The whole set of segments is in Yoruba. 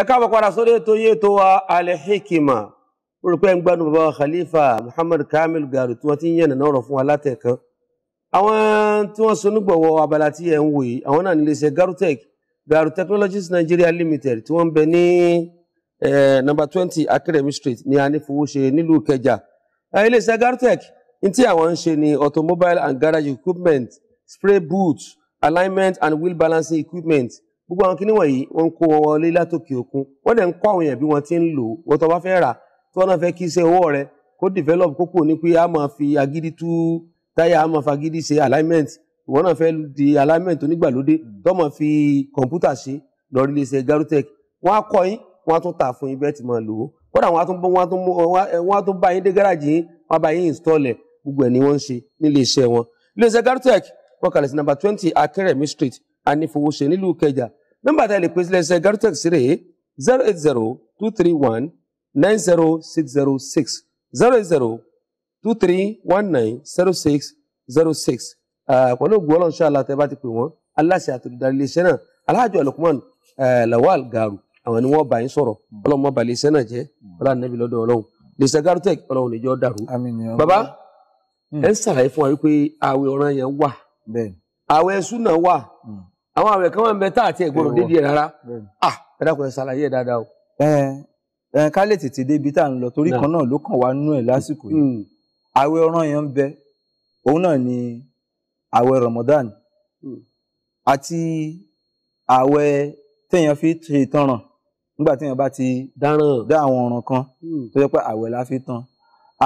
ẹ káàbọ̀ padà sórí ètò yìí ètò wa Al-Hikima orúkọ ẹ̀ ń gbádùn bàbá Khalifa Muhammad Kamil Garu tí wọ́n ti ń yẹ̀nà náà rọ̀ fún wa látẹ̀kan àwọn tí wọ́n so nígbọ̀wọ́ abala tí ẹ̀ ń wò àwọn náà ní iléeṣẹ́ Garutech Garu Technologies Nigeria Limited tí wọ́n ń bẹ ní number twenty Academy Street ní anífowóṣe nílùú Ìkẹjà iléeṣẹ́ Garutech ní tí àwọn ń ṣe ni automobile and garage equipment spray boot alignment and wheel balancing equipment gbogbo àwọn kinní wọ̀nyí wọ́n ń kó wọn wọlé látòkè òkun wọ́n dẹ̀ ń kọ́ àwọn èèyàn bí wọ́n ti ń lò wọ́n tó bá fẹ́ rà tí wọ́n náà fẹ́ kí iṣẹ́ owó rẹ kó develop kó kò ní pé a máa fi agídí tú táyà a máa fagídí ṣe alignment ìwọ náà fẹ́ di alignment onígbàlódé tó máa fi kọ̀ǹpútà ṣe lórí iléeṣẹ́ Garutech wọ́n á kọ́ yín wọ́n á tún tà fún yín bẹ́ẹ̀ ti máa lò ó kódà wọ́n á tún bá yín dé gáràjì yín wọ́n á bá yín install ẹ̀ gbogbo ẹ̀ ni wọ́n ń ṣe níléeṣẹ́ wọn iléeṣẹ́ Garutech wọ́n kalẹ̀ sí number twenty Akérèmí street anífowóṣe nílùú Ìkẹjà nọ́mbà tá a lè pèsè lẹ́sẹ̀ gartex rèé zero eight zero two three one nine zero six zero six zero eight zero two three one nine zero six zero six pẹ̀lú ah, ògùn ọlọ́run ṣáàlà tẹ́ bá ti pè wọ́n aláṣẹ àtòlùdarí iléeṣẹ́ náà alhaji alukman eh, lawal garu àwọn ni wọ́n bá yín sọ̀rọ̀ ọlọ́run mọ́ ba iléeṣẹ́ náà jẹ́ ọlọ́run nẹ́bí lọ́dọ̀ ọlọ́run iléeṣẹ́ gartec ọlọ́run níjọ́ dàrú. bàbá ẹ ń ṣàlàyé fún wa wípé ààwẹ̀ ọ̀ranyàn wà ààwẹ̀ sunna wà hmm àwọn àwẹ̀ kan wà ń bẹ tá àti ẹ̀gbọ́n dédé ẹ̀ rárá à ah, ẹ dákun ẹ ṣàlàyé ẹ dáadáa o. ẹ ká lè tètè débi tá à ń lọ torí kan náà ló kàn wá nú ẹ lásìkò yìí hmm. àwẹ̀ ọ̀ràn yẹn ń bẹ òun náà ni àwẹ̀ Ramadan hmm. àti àwẹ̀ téèyàn fi ṣe ìtanràn nígbà téèyàn bá ti dá àwọn ọ̀ràn kan hmm. tó jẹ́ pé àwẹ̀ la fi tan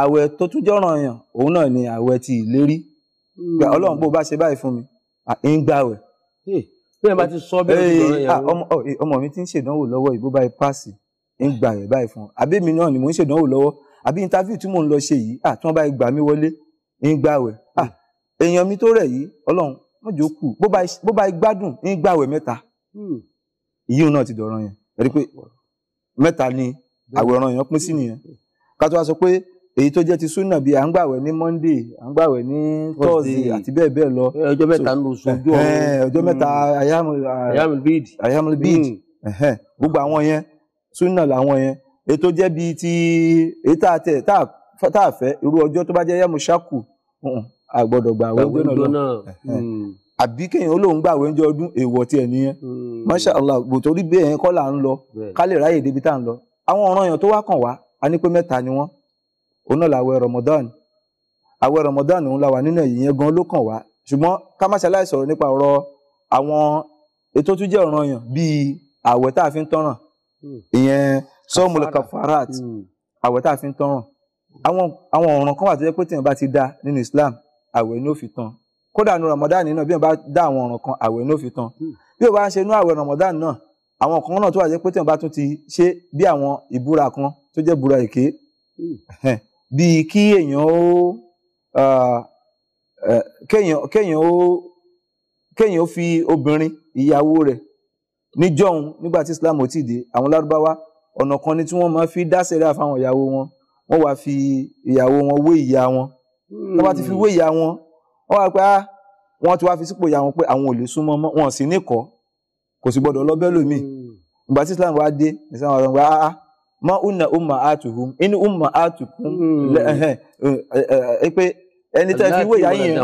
àwẹ̀ tó tún jọ́ràn yàn òun náà ni àwẹ̀ ti ìlérí Ọlọ́run bó bá ṣe báyìí fún mi à ń gbàwẹ̀ bẹ́ẹ̀ bá ti sọ bẹ́ẹ̀ lọ́rọ̀ yẹn. ọmọ mi ti ń ṣèdánwò lọ́wọ́ ìbó báyìí páàsì ń gbà rẹ̀ báyìí fún un àbí mi náà ni mò ń ṣèdánwò lọ́wọ́ àbí interview tí mò ń lọ ṣe yìí à ah, tí wọ́n bá gbà mí wọlé ń gbà wẹ̀ à ah, èèyàn mi tó rẹ̀ yìí ọlọ́run wọ́n jò kù bó bá gbádùn ń gbà wẹ̀ mẹ́ta hmm. ìyíun náà ti dọ̀rọ̀ yẹn ẹ rí i pé mẹ́ta ni àwẹ̀ ọ̀ràn yẹn pín sí nìyẹn ká tó wá sọ pé èyí tó je ti súnà bíi à ń gbàwẹ̀ ní monday à ń gbàwẹ̀ ní thursday àti bẹ́ẹ̀ bẹ́ẹ̀ lọ. ọjọ́ mẹ́ta ló sojú hmm. ayamul bid hmm. gbogbo àwọn yẹn súnà làwọn yẹn èyí tó bíi ti èyí tá a tẹ̀ tá a fẹ́ irú ọjọ́ tó bá jẹ́ ayamul shaku a gbọ́dọ̀ náà hmm. àbí kéèyàn olóhùn masha allah yẹn kọ́ là ń lọ ráyè débi tá à ń lọ àwọn ọ̀ràn òun náà làwẹ̀ Ramadan àwẹ̀ Ramadan òun la wà nínú èyí yẹn gan ló kàn wá ṣùgbọ́n ká má ṣaláì sọ̀rọ̀ nípa ọ̀rọ̀ àwọn ètò tó jẹ́ ọ̀ranyàn bíi àwẹ̀ tá a fi ń tọ́ràn hmm. ìyẹn sọ́ọ̀mùlẹ̀ kafarat hmm. àwẹ̀ tá a fi ń tọ́ràn àwọn àwọn ọ̀ràn kan wà tó jẹ́ pé tèèyàn bá ti dá nínú Islam àwẹ̀ ni ó fi tán kódà nu Ramadan náà bí wọ́n bá dá àwọn ọ̀ràn kan àwẹ̀ ni ó fi tán hmm. bí wọ́n bá ń ṣe inú àwẹ̀ Ramadan náà àwọn kan náà tó wà jẹ́ pé tèèyàn bá tún ti ṣe bí àwọn ìbúra kan tó jẹ́ búra èké bíi kí èèyàn ó kéèyàn kéèyàn ó kéèyàn ó fi obìnrin ìyàwó rẹ̀ níjọ́hun nígbà tí Islam ò tíì dé àwọn lárúbáwá ọ̀nà kan ni tí wọ́n máa fi dá sẹ́ríà fáwọn ìyàwó wọn wọ́n wá fi ìyàwó wọn wé ìyá wọn wọ́n bá ti fi wé ìyá wọn wọ́n wá pé á ah! wọ́n ti wá fi sípò ìyá wọn pé àwọn ò lè súnmọ́ mọ́ wọn sì níkọ̀ọ́ kò sì gbọ́dọ̀ lọ́bẹ́ lómi hmm. ìgbà tí Islam wá dé ìsìlámù àwọn ọ̀rọ̀ wá á mọ una umma atuhum inú umma atukum hmm. eh, eh, eh, pé ẹni tẹ́ fi wé ìyá yín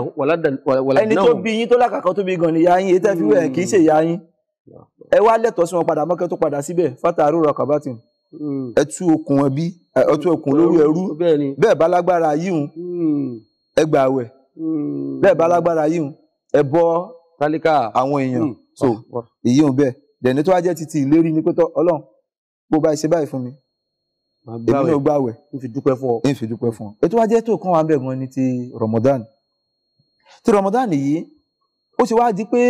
ẹni tó bí yín tó lákàkọ́ tó bí gan ni ìyá yín èyí tẹ́ fi wé ẹ̀ kì í ṣe ìyá yín hmm. ẹ wá lẹ́tọ̀ọ́ sí wọn padà mọ́kẹ́ tó padà síbẹ̀ fataru rakabatin hmm. ẹ tú okùn ẹbí ẹ tú okùn lórí ẹrú bẹ́ẹ̀ bá lágbára yíhun ẹ gbà wẹ̀ bẹ́ẹ̀ bá lágbára yíhun ẹ bọ́ àwọn èèyàn so ah, èyí ò bẹ́ẹ̀ dẹ̀ ní tó wá jẹ́ títí ìlérí ni pé tọ́ ọlọ́run bó bá ṣe báyìí fún mi èmi náà gbàwẹ̀ n fi dúpẹ́ fún ọ. n fi dúpẹ́ fún ọ. ètò wa jẹ́ tó kàn wá bẹ̀ gan ni ti Ramadan ti Ramadan yìí ó ti wá di pé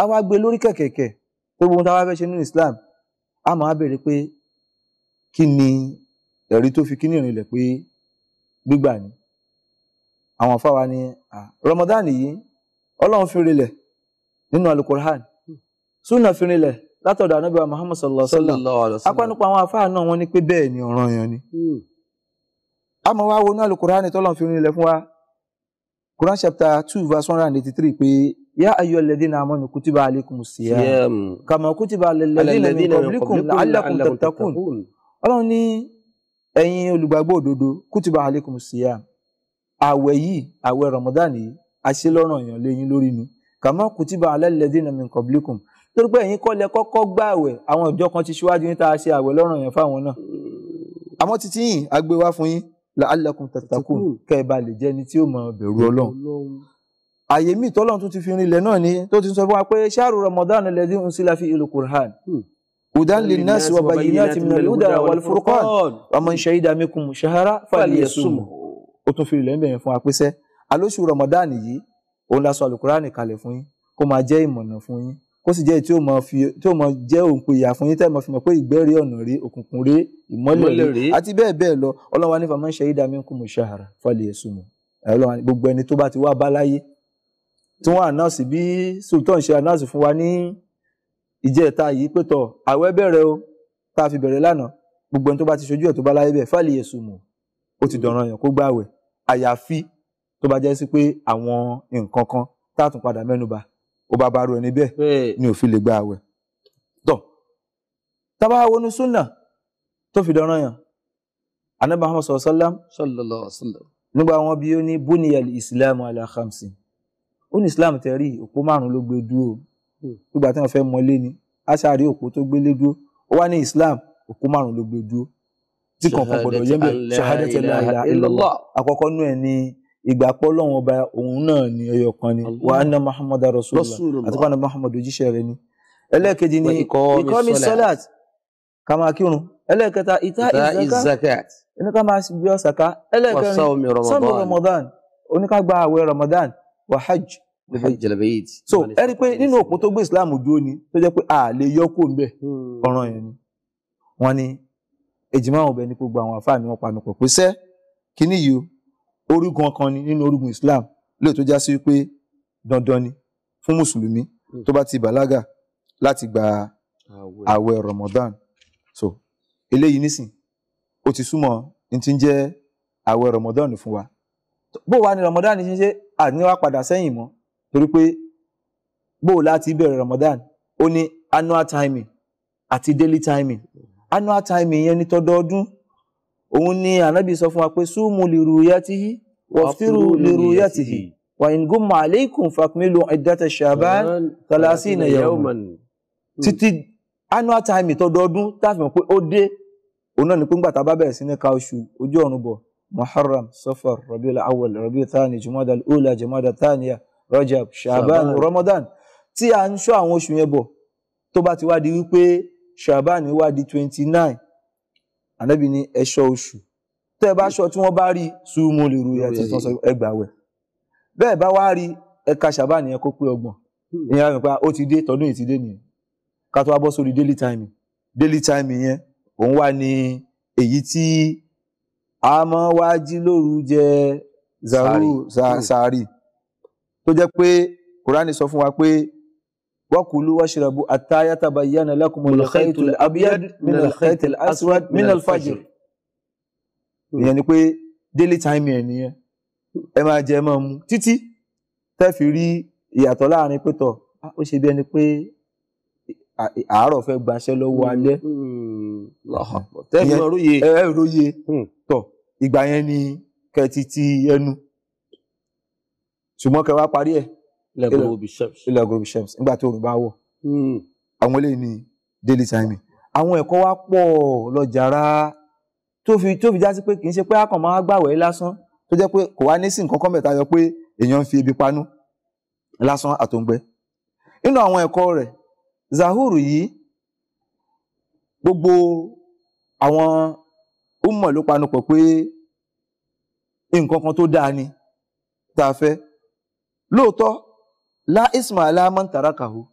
a wá gbé lórí kẹ̀kẹ̀kẹ̀ pé gbogbo táwa fẹ́ ṣe nínú Islam a máa béèrè pé kí ni ẹ̀rí tó fi kíní ìrìnlẹ̀ pé gbígbà ni àwọn afáwa ni Ramadan yìí Ọlọ́run fi rinlẹ̀ nínú alukur'an sunna fi rinlẹ̀ látọ̀dọ̀ ànábì wa muhammad sallallahu alaihi wasallam apánupa àwọn afáà náà wọ́n ní pé bẹ́ẹ̀ ni ọ̀ràn yẹn ni. àmọ́ hmm. wá wọnú alukurani tọ́lọ̀ fi fún wa quran chapter two verse one hundred and eighty-three pé yá ayọ̀ alladhina amanu kutiba alaykumus kama Kùtìbà ọlọ́run ní ẹ̀yin olùgbàgbọ́ òdodo torí pé ẹ̀yin kọ́ lẹ kọ́kọ́ gba àwẹ̀ àwọn ìjọ kan ti ṣíwájú níta ṣe àwẹ̀ lọ́rùn yẹn fáwọn náà àmọ́ títí yìí a gbé wá fún yín la'allakum tattaqun kẹ́ ẹ bá lè jẹ́ ẹni tí ó mọ bẹ̀rù ọlọ́run àyè míì tọ́lọ́run tún ti fi rinlẹ̀ náà ni tó ti sọ fún wa pé ṣáàrù ramadan alladhi unsila fi ìlú qur'an hmm. hudan linnas wa bayyinati minal huda wal furqan wa man shahida minkum shahara falyasumhu ó tún fi rinlẹ̀ bẹ̀yẹn fún wa ramadan yìí òun la sọ alukurani kalẹ̀ fún yín kó sì jẹ́ tí ó mọ fi tí ó mọ jẹ́ òǹpẹ̀yà fún yín tẹ́ mọ fi mọ̀ pé ìgbẹ́rẹ́ ọ̀nà rẹ̀ òkùnkùn rẹ̀ ìmọ́lẹ̀ rẹ̀ àti bẹ́ẹ̀ bẹ́ẹ̀ lọ ọlọ́wà ní faman shahida minkumu shahra falyasumhu ọlọ́wà gbogbo ẹni tó bá ti wá bá láyé tí wọ́n ànáàsì bí sultan ṣe ànáàsì fún wa ní ìjẹta yìí pétọ̀ àwẹ̀ bẹ̀rẹ̀ o tá a fi bẹ̀rẹ̀ lánàá gbogbo ẹni tó bá ti ṣojú ẹ̀ tó bá láyé bẹ́ẹ̀ falyasumhu ó ti dọ̀ràn yàn kó gbààwẹ̀ àyàfi tó bá ó bá bá rú ẹni bẹ́ẹ̀ ni ò fi lè gba àwẹ̀ tọ̀ tábà wọnú súnà tó fi dọ́rán yàn anábà Muhammad sallallahu alaihi wasallam nígbà wọn bí ó ní buniyal islam ala khamsin ó ní islam tẹ̀rí òpó márùn ló gbé dúró hmm. nígbà tí wọn fẹ́ mọlé ni aṣáárí òpó tó gbélé dúró ó wá ní islam òpó márùn ló gbé dúró tí kankan gbọdọ̀ yẹn bẹ́ẹ̀ ṣahadẹ́tẹ̀ la ilaha illallah àkọ́kọ́ nú ẹ̀ ní. ìgbàpọ̀ lọ́wọ́n ọba òun náà ni ẹyọ ni wa anna muhammadu rasulullah àti pàdé ni ẹlẹ́ẹ̀kejì ni kírun ẹlẹ́ẹ̀kẹta ìta ramadan ramadan wa hajj so ẹ i pé nínú òpó tó gbé islam dúró ni tó jẹ́ pé a lè yọ kó ń bẹ̀ ọ̀ràn yẹn ni wọ́n ní ni gbogbo àwọn àfáà mi wọ́n panu pọ̀ pé sẹ́ kíní yìí orígun kan ni nínú orígun Islam lè tó já sí pé dandan ni fún mùsùlùmí hmm. tó bá ti bàlágà láti gba àwẹ̀ Ramadan so eléyìí nísìn ó ti súnmọ́ ní ti ń jẹ́ àwẹ̀ Ramadan fún wa bó wa ni Ramadan ṣe ń ṣe àníwá padà sẹ́yìn mọ́ torí pé bó láti bẹ̀rẹ̀ Ramadan ó ní annual timing àti daily timing hmm. annual timing yẹn ní tọdọọdún òun ni ànábì sọ fún wa pé súnmù lèrú yàtìhí wàfírù lèrú yàtìhí wà in gumma aleikum fakmilu iddata shaban talasina yawman hmm. títí annual time tọdọọdún táàfin pé ó dé òun náà ni pé ńgbà tá a bá bẹ̀rẹ̀ sí ní ka oṣù ojú ọ̀run bọ̀ muharram safar rabiul awwal rabiul thani jumada ula jumada thaniya rajab shaban ramadan tí a ń ṣọ́ àwọn oṣù yẹn bọ̀ tó bá ti wá di wípé shaban wá di twenty nine ànábì ní ẹ̀ṣọ́ oṣù tẹ́ ẹ bá ṣọ tí wọ́n bá rí sùúmù lè ru ẹ̀tí tó ń sọ ẹgbà wẹ̀ bẹ́ẹ̀ bá wá rí ẹ̀ka ṣàbá nìyẹn kó pé ọgbọ̀n ìyẹn àwọn ìpa ah, ó ti dé tọdún yìí ti dé nìyẹn ká tó wá bọ́ sórí daily time daily time yẹn òun wà ní èyí tí a máa wá jí lóru jẹ zaru sàárì tó jẹ́ pé kùránì sọ fún wa pé. وكلوا washrabu ata yatabayyana لكم الخيط abiyad من الخيط aswad من الفجر يعني كوي ديلي تايم يعني yẹn nìyẹn ẹ máa jẹ ẹ máa mu títí tẹ́ fi rí ìyàtọ̀ láàrin pétọ̀ ó ṣe bí ẹni pé àárọ̀ fẹ́ gbaṣẹ́ lọ́wọ́ alẹ́ hmm, ẹ róye hmm. tọ̀ ìgbà yẹn ni kẹ́ ti ti ẹnu ṣùgbọ́n kẹ́ wá parí ẹ̀ ilẹ̀ gòròbì shems. ilẹ̀ gòròbì shems nígbà tí òrùn bá wọ̀. Hmm. àwọn eléyìí ni daily time àwọn ẹ̀kọ́ wa pọ̀ lọ jàrá tó fi tó fi já sí pé kì í ṣe pé a kàn máa gbàwẹ̀ lásán tó jẹ́ pé kò wá ní sí nǹkan kan mẹ́ta yọ pé èèyàn ń fi ebi panú lásán àtòǹgbẹ. nínú àwọn ẹ̀kọ́ rẹ̀ zahuru yìí gbogbo àwọn ummọ̀ ló panupọ̀ pé nǹkan kan tó dáa ni tá a fẹ́ lóòótọ́ la isma alaman tarakahu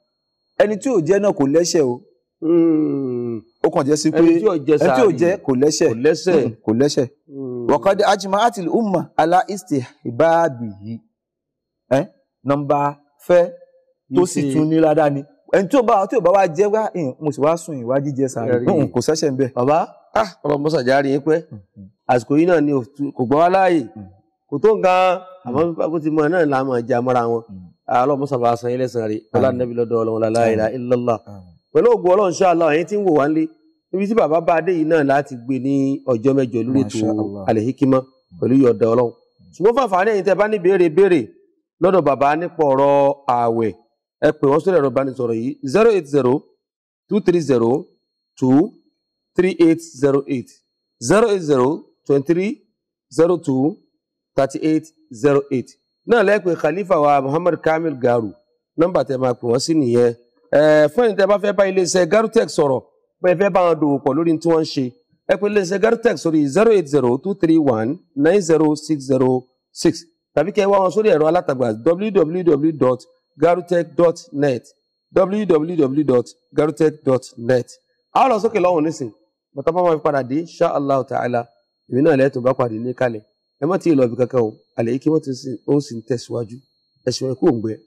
ẹni tí ò jẹ́ náà kò lẹ́ṣẹ̀ o hmm. ó kàn jẹ́ sí pé ẹni tí ò jẹ́ kò lẹ́ṣẹ̀ kò lẹ́ṣẹ̀ hmm, hmm. wakad ajma'at al umma ala istihbabihi ẹ nọ́mbà fẹ́ tó sì tún ní ládàá ni ẹni tí ò bá tí ò bá wá jẹ́ wá mo sì wá sùn ìwà jíjẹ sàárè kò sẹ́ṣẹ̀ ń bẹ̀. bàbá ọlọmọsà ah! járe yín pẹ́ àsìkò yìí náà ni kò gbọ́ wá láàyè kò tó nǹkan àmọ́ bá kó ti mọ náà là á máa jẹ wọn ọlọ́run mọ́sàbà asan ilé san rí ọlá nẹ́bí lọ́dọ̀ ọlọ́run la ilaha illallah pẹ̀lú ògùn ọlọ́run insha Allah ẹ̀yin tí ń wò wá nílé níbi tí bàbá bá dé yìí náà láti gbé ní ọjọ́ mẹ́jọ lórí ètò Al-Hikmat pẹ̀lú yọ̀dọ̀ ọlọ́run ṣùgbọ́n fàǹfààní ẹ̀yin tẹ́ bá ní béèrè béèrè lọ́dọ̀ bàbá nípa ọ̀rọ̀ ààwẹ̀ ẹ pè wọ́n sórí ẹ̀rọ ìbánisọ̀rọ̀ yìí zero eight zero twenty three zero two thirty eight zero eight náà lẹ́pẹ́ khalifa wa muhammad kamil garu nọ́mbà tẹ máa pè wọ́n sí nìyẹn fún ẹ̀yin tẹ bá fẹ́ bá iléeṣẹ́ garutech sọ̀rọ̀ bẹ́ẹ̀ fẹ́ bá wọn dòwò pọ̀ lórí tí wọ́n ń ṣe ẹ pè iléeṣẹ́ garutech sórí zero eight zero two three one nine zero six zero six tàbí kẹ́ ẹ wá wọn sórí ẹ̀rọ alátagbà www.garutech.net www.garutech.net a lọ sókè lọ́wọ́ nísìn bàtà bá wọn fi padà dé insha Allah ta'ala èmi náà lẹ́tọ̀ọ́ bá padà ní kalẹ̀ ẹ má ti lọ ibi kankan o àlẹ́ yìí kí wọ́n ti ń sìn tẹ̀síwájú ẹ̀sìn ẹ̀kú òǹgbẹ́